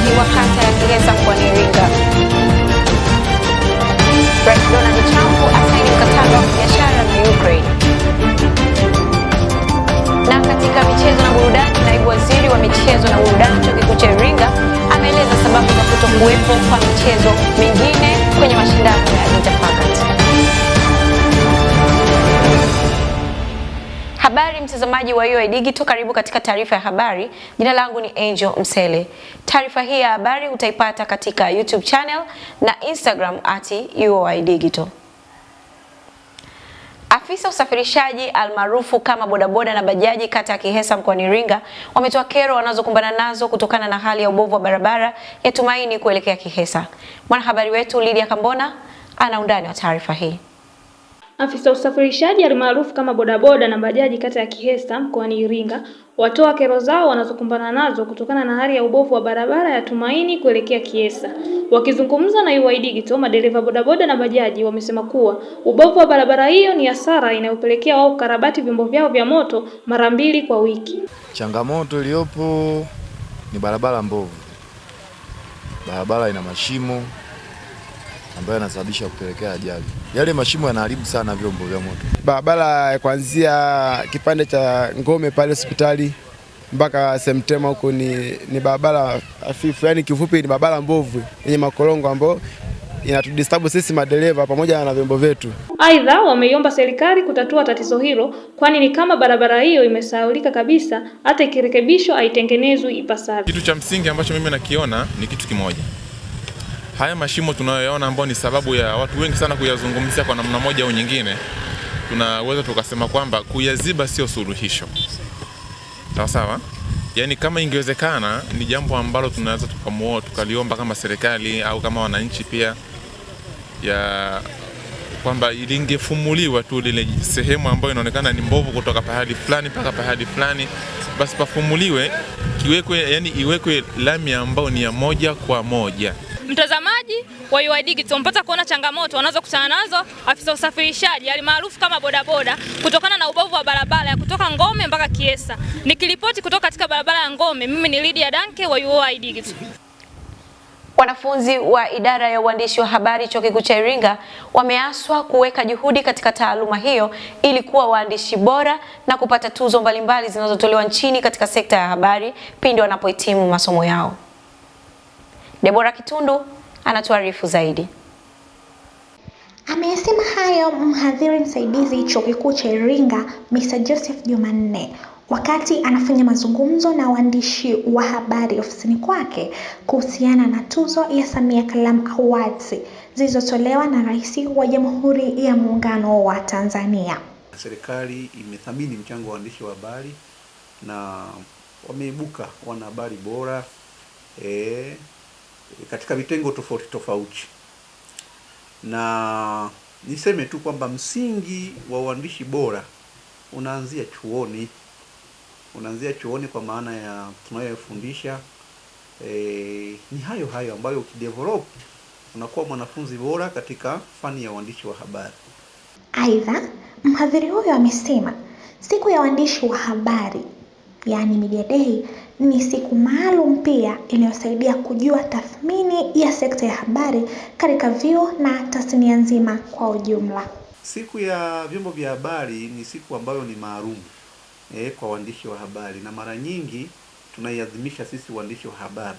kufungiwa kata ya Kiesa mkoani Iringa. Rais Donald Trump asaini mkataba wa biashara na Ukraine. Na katika michezo na burudani, naibu waziri wa michezo na burudani chuo kikuu cha Iringa ameeleza sababu za kutokuwepo kwa michezo mingine kwenye mashindano ya Interfacat. mtazamaji wa UoI Digital, karibu katika taarifa ya habari. Jina langu ni Angel Msele. Taarifa hii ya habari utaipata katika YouTube channel na Instagram at UoI Digital. Afisa usafirishaji almaarufu kama bodaboda na bajaji kata ya Kihesa mkoani Iringa wametoa kero wanazokumbana nazo kutokana na hali ya ubovu wa barabara ya Tumaini kuelekea Kihesa. Mwanahabari wetu Lydia Kambona ana undani wa taarifa hii. Afisa usafirishaji almaarufu kama bodaboda na bajaji kata ya Kihesa mkoani Iringa watoa kero zao wanazokumbana nazo kutokana na hali ya ubovu wa barabara ya Tumaini kuelekea Kihesta. Wakizungumza na UoI Digital, madereva bodaboda na bajaji wamesema kuwa ubovu wa barabara hiyo ni hasara inayopelekea wao kukarabati vyombo vyao vya moto mara mbili kwa wiki. Changamoto iliyopo ni barabara mbovu, barabara ina mashimo ambayo yanasababisha kupelekea ajali. Yale mashimo yanaharibu sana vyombo vya moto. Barabara kuanzia kipande cha Ngome pale hospitali mpaka Semtema huko ni, ni barabara hafifu, yani kifupi ni barabara mbovu yenye makorongo ambayo inatudisturb sisi madereva pamoja na vyombo vyetu. Aidha, wameiomba serikali kutatua tatizo hilo, kwani ni kama barabara hiyo imesahaulika kabisa, hata ikirekebishwa haitengenezwi ipasavyo. Kitu cha msingi ambacho mimi nakiona ni kitu kimoja haya mashimo tunayoyaona ambayo ni sababu ya watu wengi sana kuyazungumzia kwa namna moja au nyingine, tunaweza tukasema kwamba kuyaziba sio suluhisho. Sawa sawa. Yaani, kama ingewezekana ni jambo ambalo tunaweza tukamuoa tukaliomba kama serikali au kama wananchi pia, ya kwamba ilingefumuliwa tu lile sehemu ambayo inaonekana ni mbovu kutoka pahali fulani mpaka pahali fulani, basi pafumuliwe kiwekwe, yani iwekwe lami ambayo ni ya moja kwa moja Mtazamaji wa UoI Digital mpata kuona changamoto wanazokutana nazo afisa usafirishaji alimaarufu kama bodaboda kutokana na ubovu wa barabara ya kutoka Ngome mpaka Kiesa. Nikiripoti kutoka katika barabara ya Ngome, mimi ni Lydia Danke wa UoI Digital. Wanafunzi wa idara ya uandishi wa habari Chuo Kikuu cha Iringa wameaswa kuweka juhudi katika taaluma hiyo ili kuwa waandishi bora na kupata tuzo mbalimbali zinazotolewa nchini katika sekta ya habari pindi wanapohitimu masomo yao. Debora Kitundu anatuarifu zaidi. Ameyasema hayo mhadhiri msaidizi chuo kikuu cha Iringa Mr. Joseph Jumanne wakati anafanya mazungumzo na waandishi wa habari ofisini kwake kuhusiana na tuzo ya Samia kalam Awards zilizotolewa na Rais wa Jamhuri ya Muungano wa Tanzania. Serikali imethamini mchango wa waandishi wa habari na wameibuka wanahabari bora eh, katika vitengo tofauti tofauti, na niseme tu kwamba msingi wa uandishi bora unaanzia chuoni, unaanzia chuoni kwa maana ya tunayofundisha E, ni hayo hayo ambayo ukidevelop unakuwa mwanafunzi bora katika fani ya uandishi wa habari. Aidha, mhadhiri huyo amesema siku ya uandishi wa habari, yaani media day, ni siku maalum pia inayosaidia kujua tathmini ya sekta ya habari katika vyuo na tasnia nzima kwa ujumla. Siku ya vyombo vya habari ni siku ambayo ni maalum e, kwa waandishi wa habari na mara nyingi tunaiadhimisha sisi waandishi wa habari.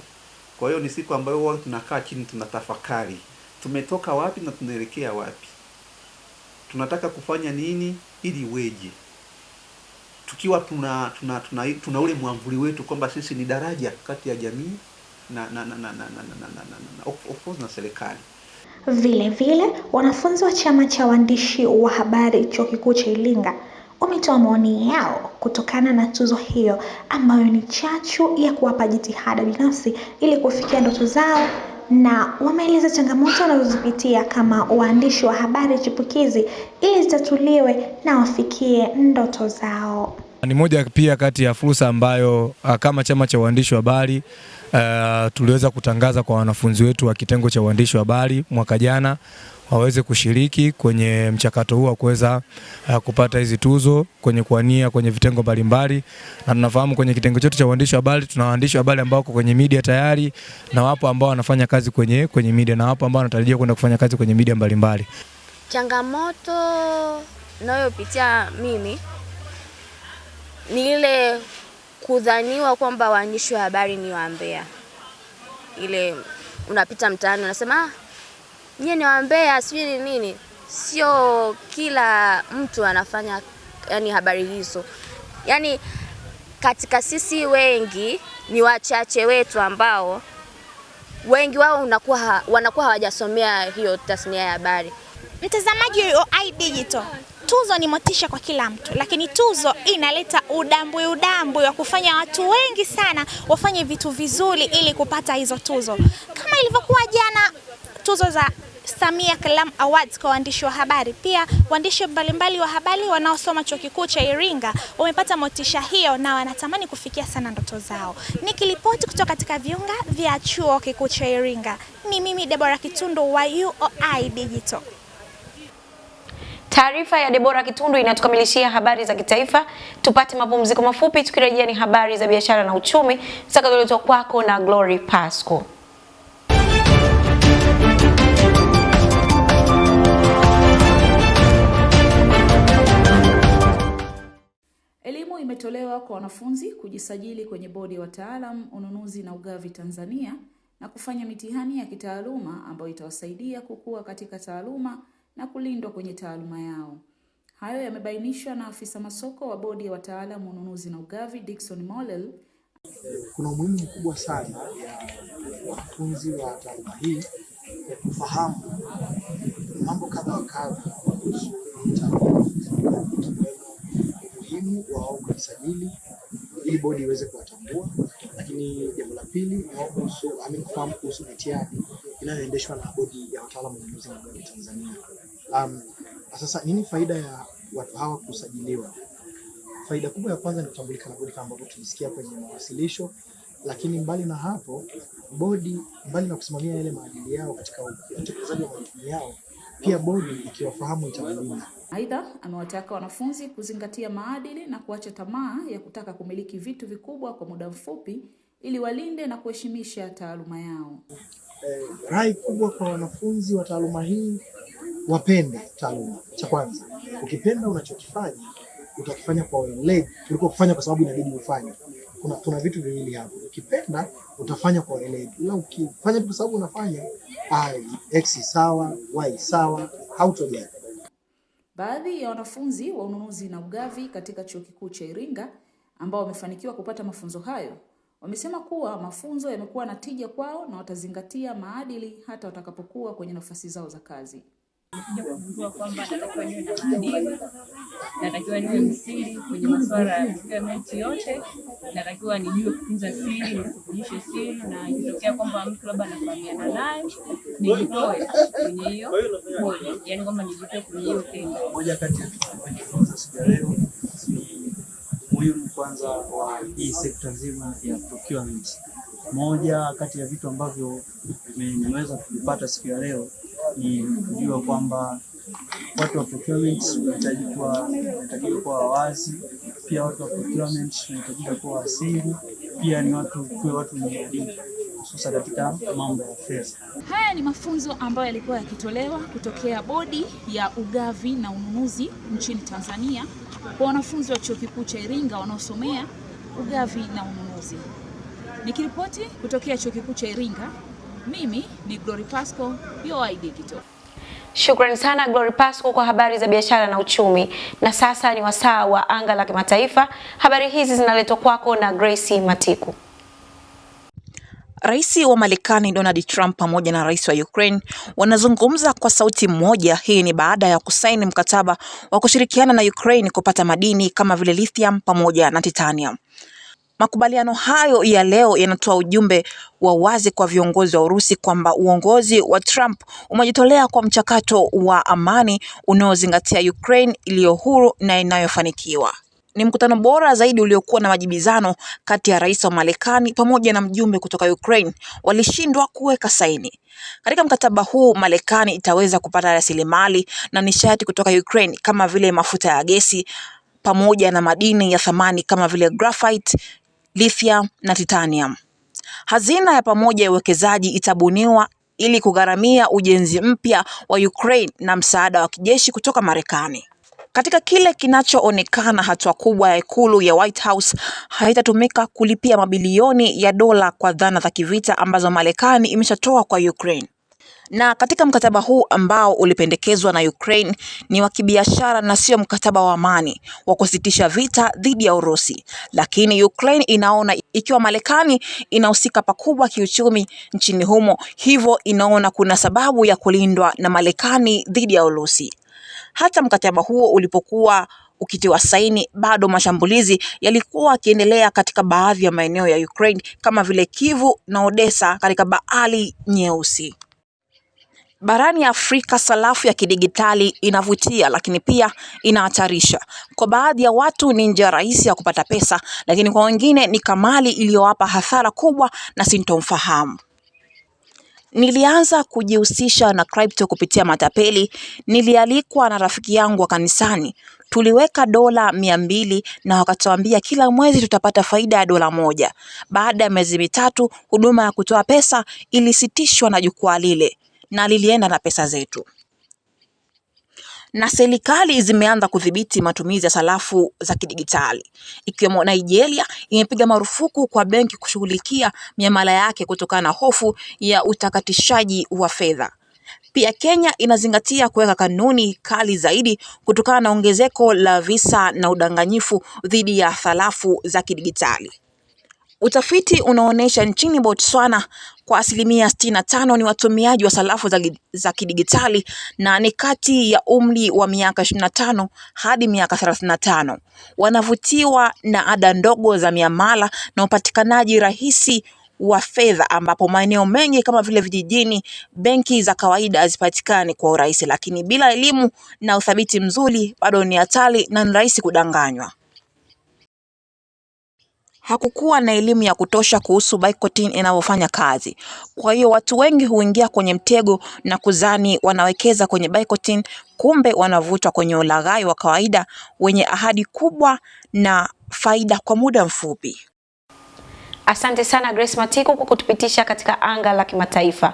Kwa hiyo ni siku ambayo huwa tunakaa chini tunatafakari, tumetoka wapi na tunaelekea wapi, tunataka kufanya nini ili weje tukiwa tuna tuna, tuna, tuna, ule mwamvuli wetu kwamba sisi ni daraja kati ya jamii na na na na, na, na, na, na, of course na serikali. Vile vile wanafunzi wa chama cha waandishi wa habari chuo kikuu cha Iringa wametoa maoni yao kutokana na tuzo hiyo ambayo ni chachu ya kuwapa jitihada binafsi ili kufikia ndoto zao na wameeleza changamoto wanazozipitia kama waandishi wa habari chipukizi ili zitatuliwe na wafikie ndoto zao. Ni moja pia kati ya fursa ambayo ah, kama chama cha uandishi wa habari uh, tuliweza kutangaza kwa wanafunzi wetu wa kitengo cha uandishi wa habari mwaka jana waweze kushiriki kwenye mchakato huu wa kuweza uh, kupata hizi tuzo kwenye kuania kwenye vitengo mbalimbali, na tunafahamu kwenye kitengo chetu cha uandishi wa habari tuna waandishi wa habari ambao wako kwenye media tayari na wapo ambao wanafanya kazi kwenye, kwenye media na wapo ambao wanatarajia kwenda kufanya kazi kwenye media mbalimbali. Changamoto nayopitia mimi ni ile kudhaniwa kwamba waandishi wa habari ni wambea. Ile unapita mtaani unasema ah, nyie ni wambea, sijui ni nini. Sio kila mtu anafanya yani habari hizo, yani katika sisi wengi ni wachache wetu ambao wengi wao unakuwa, wanakuwa hawajasomea hiyo tasnia ya habari. Mtazamaji wa Eye Digital, tuzo ni motisha kwa kila mtu, lakini tuzo inaleta udambwi udambwi wa kufanya watu wengi sana wafanye vitu vizuri ili kupata hizo tuzo, kama ilivyokuwa jana tuzo za Samia kalam Awards kwa waandishi wa habari. Pia waandishi mbalimbali wa habari wanaosoma chuo kikuu cha Iringa wamepata motisha hiyo na wanatamani kufikia sana ndoto zao. Nikilipoti kutoka katika viunga vya chuo kikuu cha Iringa, ni mimi Debora Kitundu wa UOI Digital. Taarifa ya Debora Kitundu inatukamilishia habari za kitaifa. Tupate mapumziko mafupi, tukirejea ni habari za biashara na uchumi zitakazoletwa kwako na Glory Pasco. imetolewa kwa wanafunzi kujisajili kwenye Bodi ya Wataalamu, Ununuzi na Ugavi Tanzania na kufanya mitihani ya kitaaluma ambayo itawasaidia kukua katika taaluma na kulindwa kwenye taaluma yao. Hayo yamebainishwa na afisa masoko wa Bodi ya Wataalamu, Ununuzi na Ugavi, Dickson Molel. Kuna umuhimu mkubwa sana ya wanafunzi wa taaluma hii ya kufahamu mambo kadha wa kadha kuhusu taaluma wa wao kujisajili ili bodi iweze kuwatambua. Lakini jambo la pili ni kufahamu kuhusu mitihani inayoendeshwa na bodi ya wataalamu wa ununuzi na magari Tanzania. Um, sasa nini faida ya watu hawa kusajiliwa? Faida kubwa ya kwanza ni kutambulika na bodi kama ambavyo tulisikia kwenye mawasilisho, lakini mbali na hapo, bodi mbali na kusimamia yale maadili yao katika utekelezaji wa majukumu yao, pia bodi ikiwafahamu itawalinda Aidha, amewataka wanafunzi kuzingatia maadili na kuacha tamaa ya kutaka kumiliki vitu vikubwa kwa muda mfupi ili walinde na kuheshimisha taaluma yao. Eh, rai kubwa kwa wanafunzi wa taaluma hii, wapende taaluma. Cha kwanza, ukipenda unachokifanya utakifanya kwa weledi kuliko kufanya kwa sababu inabidi ufanye. Kuna, kuna vitu viwili hapo, ukipenda utafanya kwa weledi, ila ukifanya kwa sababu unafanya, ai x sawa y sawa hautojali. Baadhi ya wanafunzi wa ununuzi na ugavi katika Chuo Kikuu cha Iringa ambao wamefanikiwa kupata mafunzo hayo wamesema kuwa mafunzo yamekuwa na tija kwao na watazingatia maadili hata watakapokuwa kwenye nafasi zao za kazi. Nikuja kugundua kwamba natakiwa niwe na maadili, natakiwa niwe msiri kwenye masuala ya kupiga yote, natakiwa nijue kutunza siri, nisivujishe siri, na ikitokea kwamba mtu labda anafahamiana naye nijitoe kwenye hiyo hoja, yaani kwamba nijitoe kwenye hiyo tendo. Moja kati ya vitu siku ya leo ni kwanza wa hii sekta nzima ya procurement. Moja kati ya vitu ambavyo nimeweza kuvipata siku ya leo ni kujua kwamba watu wa procurement wanatakiwa kuwa wazi, pia watu wa procurement wanahitajika kuwa wasiri, pia ni watu kwa watu wenye adili hususa katika mambo ya fedha. Haya ni mafunzo ambayo yalikuwa yakitolewa kutokea Bodi ya Ugavi na Ununuzi nchini Tanzania kwa wanafunzi wa Chuo Kikuu cha Iringa wanaosomea ugavi na ununuzi. Nikiripoti kutokea Chuo Kikuu cha Iringa. Mimi ni Glory Pasco, UoI Digital. Shukrani sana Glory Pasco kwa habari za biashara na uchumi. Na sasa ni wasaa wa anga la kimataifa. Habari hizi zinaletwa kwako na Grace Matiku. Rais wa Marekani Donald Trump pamoja na rais wa Ukraine wanazungumza kwa sauti moja. Hii ni baada ya kusaini mkataba wa kushirikiana na Ukraine kupata madini kama vile lithium pamoja na titanium. Makubaliano hayo ya leo yanatoa ujumbe wa wazi kwa viongozi wa Urusi kwamba uongozi wa Trump umejitolea kwa mchakato wa amani unaozingatia Ukraine iliyo huru na inayofanikiwa. Ni mkutano bora zaidi uliokuwa na majibizano kati ya rais wa Marekani pamoja na mjumbe kutoka Ukraine walishindwa kuweka saini. Katika mkataba huu, Marekani itaweza kupata rasilimali na nishati kutoka Ukraine kama vile mafuta ya gesi pamoja na madini ya thamani kama vile graphite, lithium na titanium. Hazina ya pamoja ya uwekezaji itabuniwa ili kugharamia ujenzi mpya wa Ukraine na msaada wa kijeshi kutoka Marekani. Katika kile kinachoonekana hatua kubwa ya ikulu ya White House, haitatumika kulipia mabilioni ya dola kwa dhana za kivita ambazo Marekani imeshatoa kwa Ukraine. Na katika mkataba huu ambao ulipendekezwa na Ukraine ni wa kibiashara na sio mkataba wa amani wa kusitisha vita dhidi ya Urusi, lakini Ukraine inaona ikiwa Marekani inahusika pakubwa kiuchumi nchini humo, hivyo inaona kuna sababu ya kulindwa na Marekani dhidi ya Urusi. Hata mkataba huo ulipokuwa ukitiwa saini bado mashambulizi yalikuwa yakiendelea katika baadhi ya maeneo ya Ukraine kama vile Kivu na Odessa katika Bahari Nyeusi. Barani Afrika sarafu ya kidigitali inavutia lakini pia inahatarisha. Kwa baadhi ya watu ni njia rahisi ya kupata pesa, lakini kwa wengine ni kamali iliyowapa hasara kubwa na sintomfahamu. Nilianza kujihusisha na crypto kupitia matapeli. Nilialikwa na rafiki yangu wa kanisani, tuliweka dola mia mbili na wakatuambia kila mwezi tutapata faida ya dola moja. Baada ya miezi mitatu, huduma ya kutoa pesa ilisitishwa na jukwaa lile na lilienda na pesa zetu. Na serikali zimeanza kudhibiti matumizi ya sarafu za kidigitali, ikiwemo Nigeria imepiga marufuku kwa benki kushughulikia miamala yake kutokana na hofu ya utakatishaji wa fedha. Pia Kenya inazingatia kuweka kanuni kali zaidi kutokana na ongezeko la visa na udanganyifu dhidi ya sarafu za kidigitali. Utafiti unaonyesha nchini Botswana kwa asilimia tano ni watumiaji wa sarafu za, za kidigitali na ni kati ya umri wa miaka 25 hadi miaka 35. Wanavutiwa na ada ndogo za miamala na upatikanaji rahisi wa fedha ambapo maeneo mengi kama vile vijijini benki za kawaida hazipatikani kwa urahisi, lakini bila elimu na uthabiti mzuri bado ni hatari na ni rahisi kudanganywa. Hakukuwa na elimu ya kutosha kuhusu bicotin inavyofanya kazi. Kwa hiyo watu wengi huingia kwenye mtego na kuzani wanawekeza kwenye bicotin, kumbe wanavutwa kwenye ulaghai wa kawaida wenye ahadi kubwa na faida kwa muda mfupi. Asante sana Grace Matiku kwa kutupitisha katika anga la kimataifa.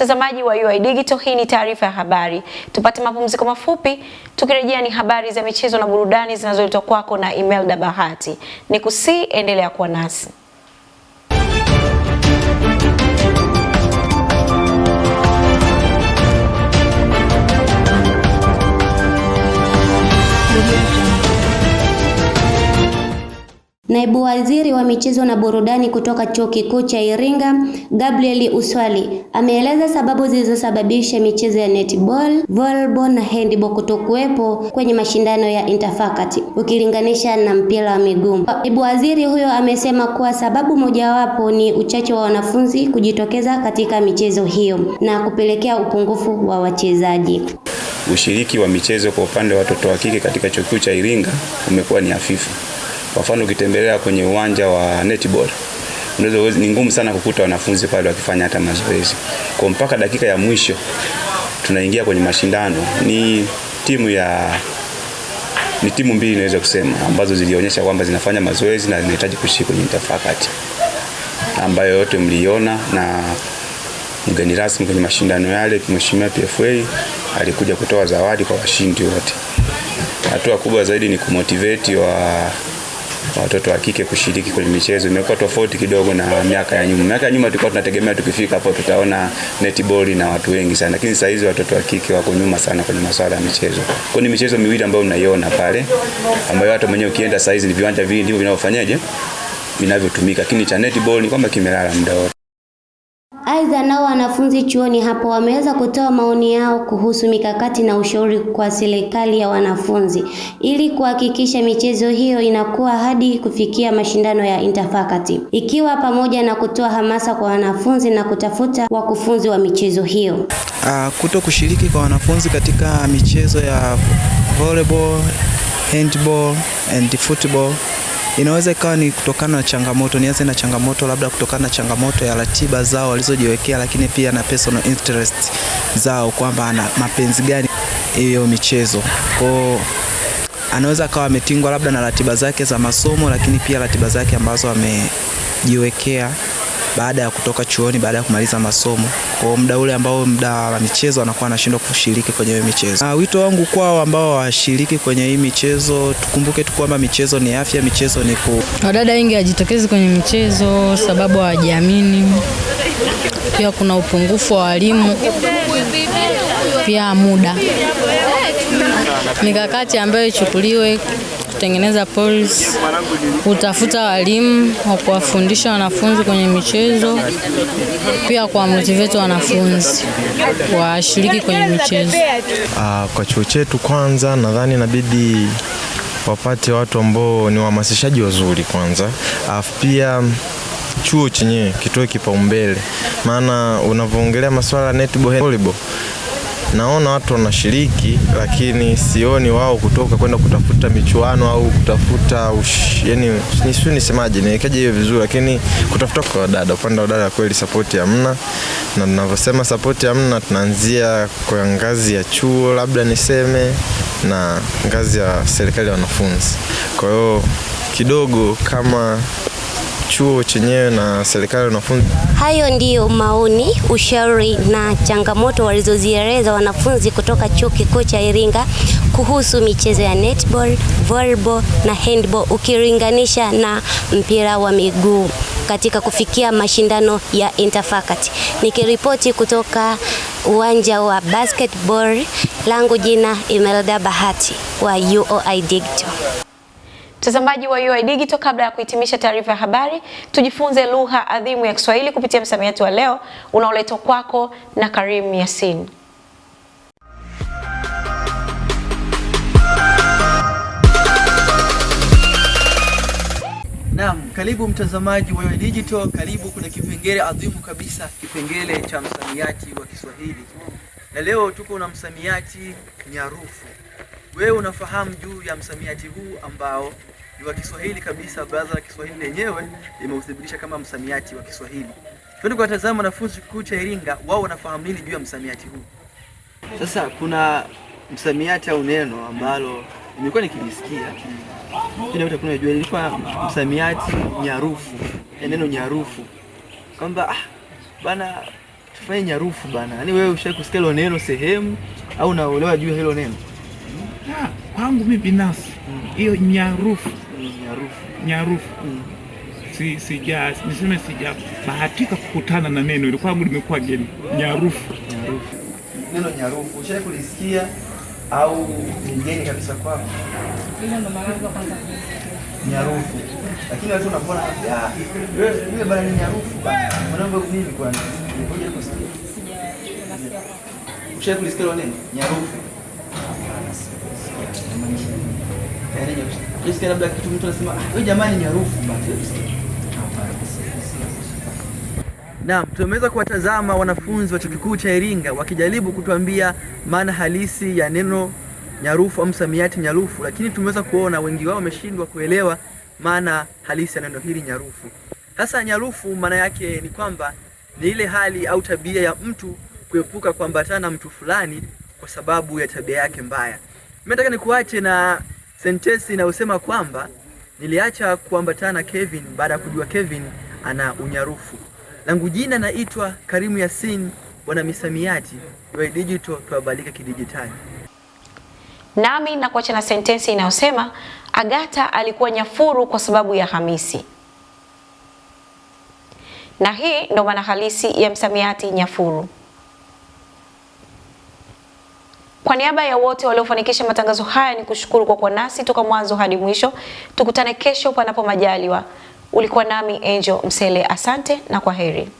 Mtazamaji wa UoI Digital, hii ni taarifa ya habari. Tupate mapumziko mafupi, tukirejea ni habari za michezo na burudani zinazoletwa kwako na Imelda Bahati. Ni kusi endelea kuwa nasi. Naibu Waziri wa Michezo na Burudani kutoka Chuo Kikuu cha Iringa, Gabriel Uswali, ameeleza sababu zilizosababisha michezo ya netball, volleyball na handball kutokuwepo kwenye mashindano ya Interfaculty ukilinganisha na mpira wa miguu. Naibu Waziri huyo amesema kuwa sababu mojawapo ni uchache wa wanafunzi kujitokeza katika michezo hiyo na kupelekea upungufu wa wachezaji. Ushiriki wa michezo kwa upande wa watoto wa kike katika Chuo Kikuu cha Iringa umekuwa ni hafifu. Kwa mfano ukitembelea kwenye uwanja wa netball unaweza, ni ngumu sana kukuta wanafunzi pale wakifanya hata mazoezi. Kwa mpaka dakika ya mwisho tunaingia kwenye mashindano, ni timu ya ni timu mbili naweza kusema ambazo zilionyesha kwamba zinafanya mazoezi na zinahitaji kushiriki kwenye mtafakati ambayo yote mliona na mgeni rasmi kwenye mashindano yale, Mheshimiwa PFA alikuja kutoa zawadi kwa washindi wote. Hatua kubwa zaidi ni kumotivate wa watoto wa kike kushiriki kwenye michezo imekuwa tofauti kidogo na miaka ya nyuma. Miaka ya nyuma tulikuwa tunategemea tukifika hapo tutaona netball na watu wengi sana, lakini sasa hizi watoto wa kike wako nyuma sana kwenye masuala ya michezo. Kwa ni michezo miwili ambayo mnaiona pale, ambayo hata mwenyewe ukienda sasa hizi ni viwanja vingi ndivyo vinavyofanyaje vinavyotumika, lakini cha netball ni kwamba kimelala muda wote. Aidha, nao wanafunzi chuoni hapo wameweza kutoa maoni yao kuhusu mikakati na ushauri kwa serikali ya wanafunzi ili kuhakikisha michezo hiyo inakuwa hadi kufikia mashindano ya Interfaculty, ikiwa pamoja na kutoa hamasa kwa wanafunzi na kutafuta wakufunzi wa michezo hiyo. Uh, kuto kushiriki kwa wanafunzi katika michezo ya volleyball, handball and football Inaweza ikawa ni kutokana na changamoto, nianze na changamoto labda kutokana na changamoto ya ratiba zao walizojiwekea, lakini pia na personal interest zao, kwamba ana mapenzi gani hiyo michezo kwao anaweza akawa ametingwa labda na ratiba zake za masomo, lakini pia ratiba zake ambazo amejiwekea baada ya kutoka chuoni, baada ya kumaliza masomo. Kwa muda ule ambao muda wa michezo anakuwa anashindwa kushiriki kwenye hiyo michezo. Na ah, wito wangu kwao ambao washiriki kwenye hii michezo, tukumbuke tu kwamba michezo ni afya, michezo ni ku. Wadada wengi hajitokezi kwenye michezo sababu hawajiamini. Pia kuna upungufu wa walimu, pia muda, mikakati ambayo ichukuliwe kutengeneza polisi, kutafuta walimu wa kuwafundisha wanafunzi kwenye michezo, pia kwa motivate wanafunzi washiriki kwenye michezo. Uh, kwa chuo chetu kwanza, nadhani inabidi wapate watu ambao ni wahamasishaji wazuri kwanza, alafu ah, pia chuo chenyewe kitoe kipaumbele, maana unavyoongelea masuala ya netball volleyball naona watu wanashiriki, lakini sioni wao kutoka kwenda kutafuta michuano au kutafuta ush, yani nisijui nisemaje, niwekaje hiyo vizuri, lakini kutafuta kwa dada, upande wa dada kweli sapoti hamna, na tunavyosema sapoti hamna, tunaanzia kwa ngazi ya chuo labda niseme na ngazi ya serikali ya wanafunzi. Kwa hiyo kidogo kama chuo chenyewe na serikali wanafunzi? Hayo ndiyo maoni, ushauri na changamoto walizozieleza wanafunzi kutoka Chuo Kikuu cha Iringa kuhusu michezo ya netball, volleyball na handball ukilinganisha na mpira wa miguu katika kufikia mashindano ya interfaculty. Nikiripoti kutoka uwanja wa basketball langu jina Imelda Bahati wa UoI Digital. Mtazamaji wa UoI Digital, kabla ya kuhitimisha taarifa ya habari, tujifunze lugha adhimu ya Kiswahili kupitia msamiati wa leo unaoletwa kwako na Karim Yasin. Naam, karibu mtazamaji wa UoI Digital, karibu. Kuna kipengele adhimu kabisa, kipengele cha msamiati wa Kiswahili, na leo tuko na msamiati nyarufu. Wewe unafahamu juu ya msamiati huu ambao ni wa Kiswahili kabisa. Baraza la Kiswahili lenyewe limeuthibitisha kama msamiati wa Kiswahili. Twende kuwatazama wanafunzi kikuu cha Iringa, wao wanafahamu nini juu ya msamiati huu. Sasa kuna msamiati au neno ambalo nimekuwa nikilisikia najua ilikuwa msamiati nyarufu, neno nyarufu, kwamba ah, bana tufanye nyarufu bana. Yaani wewe ushawahi kusikia hilo neno sehemu au unaelewa juu ya hilo neno? Ah, kwangu mimi binafsi mm. hiyo nyarufu nyarufu mm. si, sija niseme sijabahatika kukutana na neno ilikuwa angu limekuwa geni. Nyarufu, nyarufu, neno nyarufu, ushawahi kulisikia au ni geni kabisa kwako? Nyarufu, lakini watu wanaona yule bana ni nyarufu bana, mwanangu mimi kwa nini kusikia? Ushawahi kulisikia neno nyarufu? Jessica labda kitu mtu anasema ah, wewe jamani ni harufu basi. Naam, tumeweza kuwatazama wanafunzi wa Chuo Kikuu cha Iringa wakijaribu kutuambia maana halisi ya neno nyarufu au msamiati nyarufu, lakini tumeweza kuona wengi wao wameshindwa kuelewa maana halisi ya neno hili nyarufu. Sasa nyarufu maana yake ni kwamba ni ile hali au tabia ya mtu kuepuka kuambatana na mtu fulani kwa sababu ya tabia yake mbaya. Mimi nataka nikuache na sentensi inayosema kwamba niliacha kuambatana Kevin baada ya kujua Kevin ana unyarufu. Langu jina naitwa Karimu Yasin, bwana misamiati wa digital, tuwabalika kidijitali. Nami na kuacha na sentensi inayosema Agata alikuwa nyafuru kwa sababu ya Hamisi. Na hii ndo maana halisi ya msamiati nyafuru. Kwa niaba ya wote waliofanikisha matangazo haya, ni kushukuru kwa kuwa nasi toka mwanzo hadi mwisho. Tukutane kesho panapo majaliwa. Ulikuwa nami Angel Msele, asante na kwa heri.